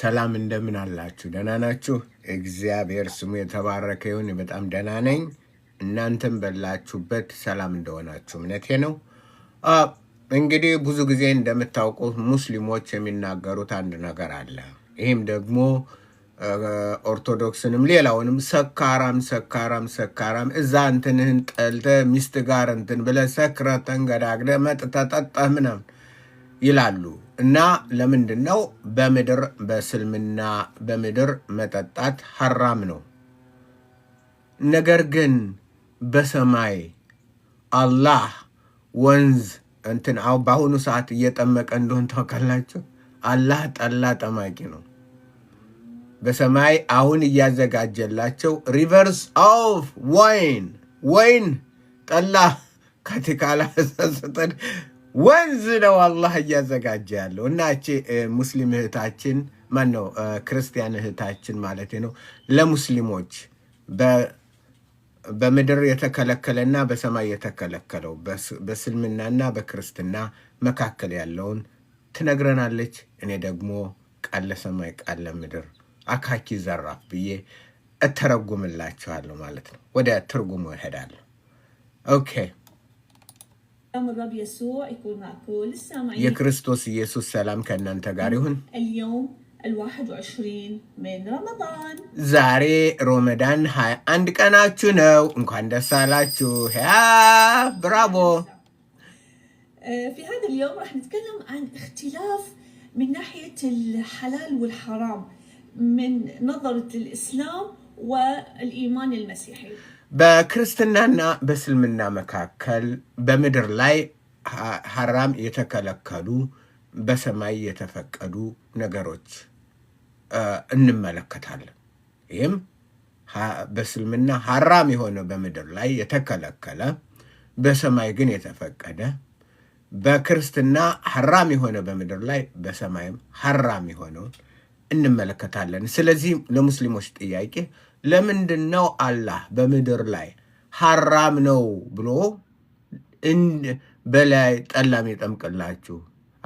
ሰላም እንደምን አላችሁ? ደህና ናችሁ? እግዚአብሔር ስሙ የተባረከ ይሁን። በጣም ደህና ነኝ። እናንተም በላችሁበት ሰላም እንደሆናችሁ እምነቴ ነው። እንግዲህ ብዙ ጊዜ እንደምታውቁት ሙስሊሞች የሚናገሩት አንድ ነገር አለ። ይህም ደግሞ ኦርቶዶክስንም ሌላውንም ሰካራም ሰካራም ሰካራም እዛ እንትንህን ጠልተ ሚስት ጋር እንትን ብለ ሰክረህ ተንገዳግደህ መጥተህ ምናምን ይላሉ። እና ለምንድን ነው በምድር በእስልምና በምድር መጠጣት ሐራም ነው። ነገር ግን በሰማይ አላህ ወንዝ እንትን አሁ በአሁኑ ሰዓት እየጠመቀ እንደሆን ታውቃላችሁ። አላህ ጠላ ጠማቂ ነው። በሰማይ አሁን እያዘጋጀላቸው ሪቨርስ ኦፍ ወይን ወይን ጠላ ከቲካላ ሰስተን ወንዝ ነው አላህ እያዘጋጀ ያለው እና ቼ ሙስሊም እህታችን ማን ነው ክርስቲያን እህታችን ማለት ነው ለሙስሊሞች በምድር የተከለከለና በሰማይ የተከለከለው በእስልምናና በክርስትና መካከል ያለውን ትነግረናለች። እኔ ደግሞ ቃለ ሰማይ ቃለ ምድር አካኪ ዘራፍ ብዬ እተረጉምላችኋለሁ ማለት ነው። ወደ ትርጉሙ እሄዳለሁ። ኦኬ سلام الرب يسوع يكون مع كل السامعين የክርስቶስ ኢየሱስ ሰላም ከእናንተ ጋር ይሁን። اليوم الواحد وعشرين من رمضان ዛሬ ሮመዳን 21 ቀናችሁ ነው። እንኳን ደስ አላችሁ። ያ ብራቮ! آه، في هذا اليوم راح نتكلم عن اختلاف من ناحية الحلال والحرام من نظرة الإسلام ወልኢማን ልመሲሒ በክርስትናና በእስልምና መካከል በምድር ላይ ሐራም የተከለከሉ በሰማይ የተፈቀዱ ነገሮች እንመለከታለን። ይህም በእስልምና ሀራም የሆነ በምድር ላይ የተከለከለ በሰማይ ግን የተፈቀደ በክርስትና ሐራም የሆነ በምድር ላይ በሰማይም ሐራም የሆነውን እንመለከታለን። ስለዚህ ለሙስሊሞች ጥያቄ ለምንድን ነው አላህ በምድር ላይ ሐራም ነው ብሎ በላይ ጠላም የጠምቅላችሁ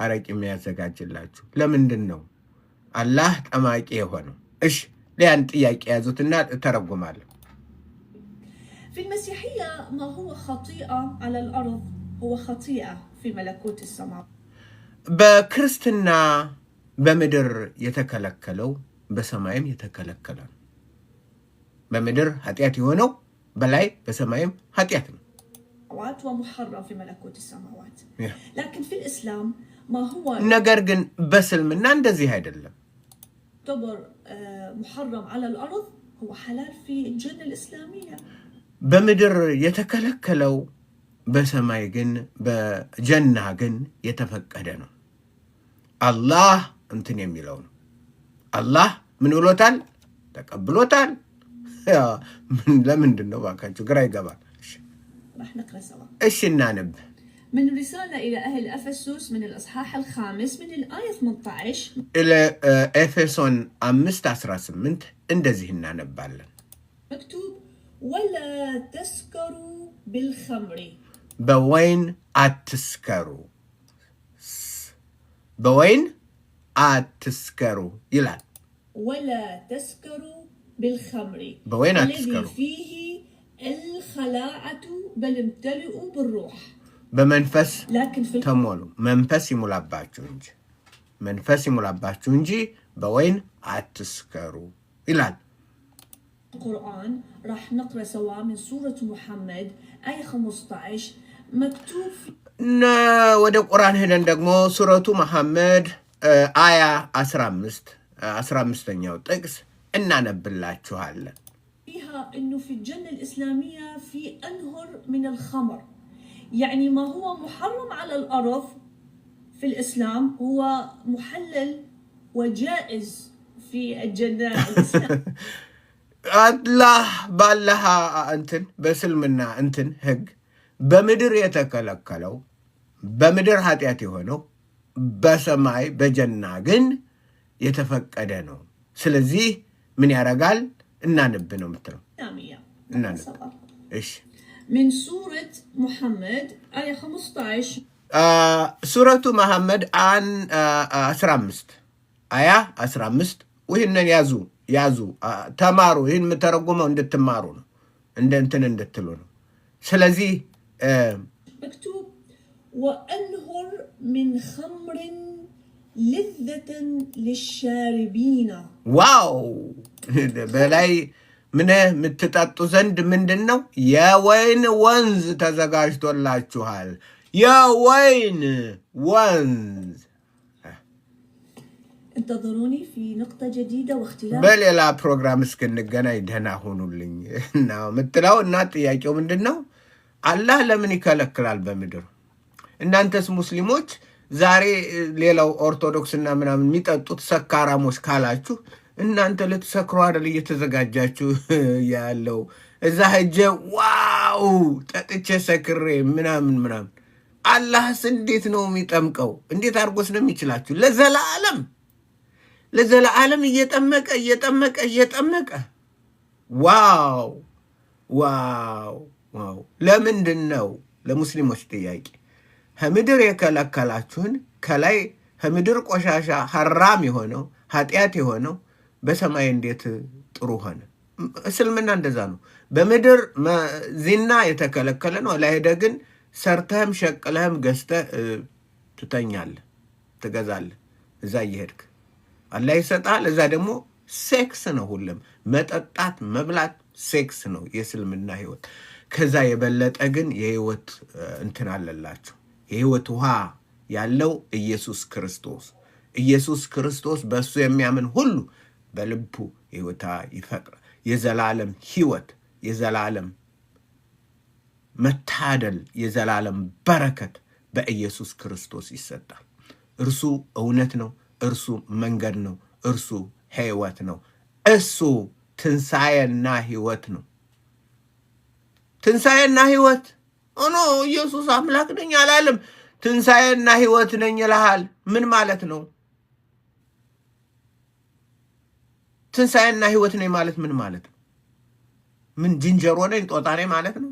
አረቂ የሚያዘጋጅላችሁ ለምንድን ነው አላህ ጠማቂ የሆነው? እሽ ያን ጥያቄ የያዙትና ተረጉማለሁ። في المسيحية ما هو خطيئة على الأرض هو خطيئة في ملكوت السماء በክርስትና በምድር የተከለከለው በሰማይም የተከለከለ ነው። በምድር ኃጢአት የሆነው በላይ በሰማይም ኃጢአት ነው። ነገር ግን በእስልምና እንደዚህ አይደለም። በምድር የተከለከለው በሰማይ ግን በጀና ግን የተፈቀደ ነው አላህ እንትን የሚለው ነው። አላህ ምን ብሎታል? ተቀብሎታል። ለምንድን ነው ባካችሁ? ግራ ይገባል። እሺ እናንብ من رسالة إلى أهل أفسوس من الإصحاح الخامس من الآية 18 إلى أفسون أمست عشرة سمنت እንደዚህ እናነባለን። مكتوب ولا تسكروا بالخمر بوين أتسكروا بوين أتسكروا يلا ولا تسكروا بالخمر بوين الذي فيه الخلاعة بل امتلئوا بالروح بمنفس لكن في تمولو منفسي ملاباتونج منفسي ملاباتونجي بوين أتسكروا يلا القرآن راح نقرأ سوا من سورة محمد أي 15 مكتوب في... نا ودق قرآن هنا ندقمو سورة محمد آية أسرامست أسرامستن يو تكس إن أنا بالله فيها إنه في الجنة الإسلامية في أنهر من الخمر يعني ما هو محرم على الأرض في الإسلام هو محلل وجائز في الجنة الإسلامية بال لها أنتن بس بسلمنا أنتن هج بمدير يتكلك كلو بمدر هاتي هونو በሰማይ በጀና ግን የተፈቀደ ነው። ስለዚህ ምን ያደርጋል? እናንብ ነው የምትለው። ሱረቱ መሐመድ 15 አያ 15። ይህንን ያዙ ያዙ፣ ተማሩ። ይህን የምተረጉመው እንድትማሩ ነው፣ እንደ እንትን እንድትሉ ነው። ስለዚህ وأنهر من خمر لذة للشاربين ዋው በላይ ምን የምትጠጡ ዘንድ ምንድን ነው የወይን ወንዝ ተዘጋጅቶላችኋል። የወይን ወንዝ በሌላ ፕሮግራም እስክንገናኝ ደህና ሆኑልኝ እና ምትለው እና ጥያቄው ምንድን ነው? አላህ ለምን ይከለክላል በምድር እናንተስ ሙስሊሞች ዛሬ ሌላው ኦርቶዶክስና ምናምን የሚጠጡት ሰካራሞች ካላችሁ እናንተ ልትሰክሮ አይደል እየተዘጋጃችሁ ያለው? እዛ ሄጄ ዋው ጠጥቼ ሰክሬ ምናምን ምናምን። አላህስ እንዴት ነው የሚጠምቀው? እንዴት አድርጎስ ነው የሚችላችሁ? ለዘላለም ለዘላለም እየጠመቀ እየጠመቀ እየጠመቀ ዋው ዋው ዋው። ለምንድን ነው ለሙስሊሞች ጥያቄ ከምድር የከለከላችሁን ከላይ ከምድር ቆሻሻ ሀራም የሆነው ኃጢአት የሆነው በሰማይ እንዴት ጥሩ ሆነ? እስልምና እንደዛ ነው። በምድር ዚና የተከለከለ ነው። ላይሄደ ግን ሰርተህም ሸቅለህም ገዝተህ ትተኛለህ፣ ትገዛለህ። እዛ እየሄድክ አላህ ይሰጣል። እዛ ደግሞ ሴክስ ነው። ሁሉም መጠጣት፣ መብላት ሴክስ ነው የእስልምና ህይወት። ከዛ የበለጠ ግን የህይወት እንትን አለላቸው። የህይወት ውሃ ያለው ኢየሱስ ክርስቶስ። ኢየሱስ ክርስቶስ በእሱ የሚያምን ሁሉ በልቡ ህይወታ ይፈቅር የዘላለም ሕይወት፣ የዘላለም መታደል፣ የዘላለም በረከት በኢየሱስ ክርስቶስ ይሰጣል። እርሱ እውነት ነው። እርሱ መንገድ ነው። እርሱ ሕይወት ነው። እሱ ትንሣኤና ሕይወት ነው። ትንሣኤና ሕይወት ኖ ኢየሱስ አምላክ ነኝ አላለም። ትንሣኤና ሕይወት ነኝ ይልሃል። ምን ማለት ነው? ትንሣኤና ሕይወት ነኝ ማለት ምን ማለት ነው? ምን ዝንጀሮ ነኝ ጦጣ ነኝ ማለት ነው?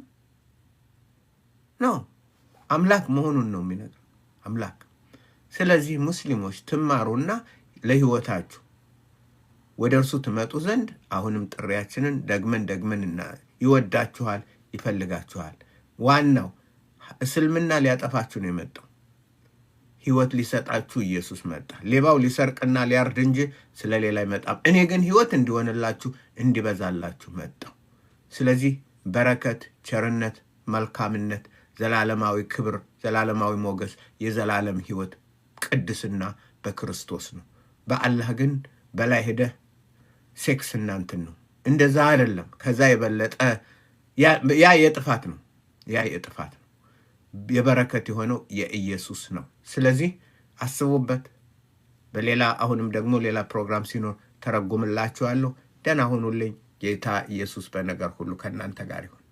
ኖ አምላክ መሆኑን ነው የሚነግር አምላክ። ስለዚህ ሙስሊሞች ትማሩና ለሕይወታችሁ ወደ እርሱ ትመጡ ዘንድ አሁንም ጥሪያችንን ደግመን ደግመን ይወዳችኋል፣ ይፈልጋችኋል። ዋናው እስልምና ሊያጠፋችሁ ነው የመጣው። ህይወት ሊሰጣችሁ ኢየሱስ መጣ። ሌባው ሊሰርቅና ሊያርድ እንጂ ስለሌላ አይመጣም። እኔ ግን ህይወት እንዲሆንላችሁ እንዲበዛላችሁ መጣው። ስለዚህ በረከት፣ ቸርነት፣ መልካምነት፣ ዘላለማዊ ክብር፣ ዘላለማዊ ሞገስ፣ የዘላለም ህይወት፣ ቅድስና በክርስቶስ ነው። በአላህ ግን በላይ ሄደ ሴክስ እናንትን ነው። እንደዛ አይደለም። ከዛ የበለጠ ያ የጥፋት ነው። ያ የጥፋት ነው። የበረከት የሆነው የኢየሱስ ነው። ስለዚህ አስቡበት። በሌላ አሁንም ደግሞ ሌላ ፕሮግራም ሲኖር ተረጉምላችኋለሁ። ደህና ሁኑልኝ። ጌታ ኢየሱስ በነገር ሁሉ ከእናንተ ጋር ይሁን።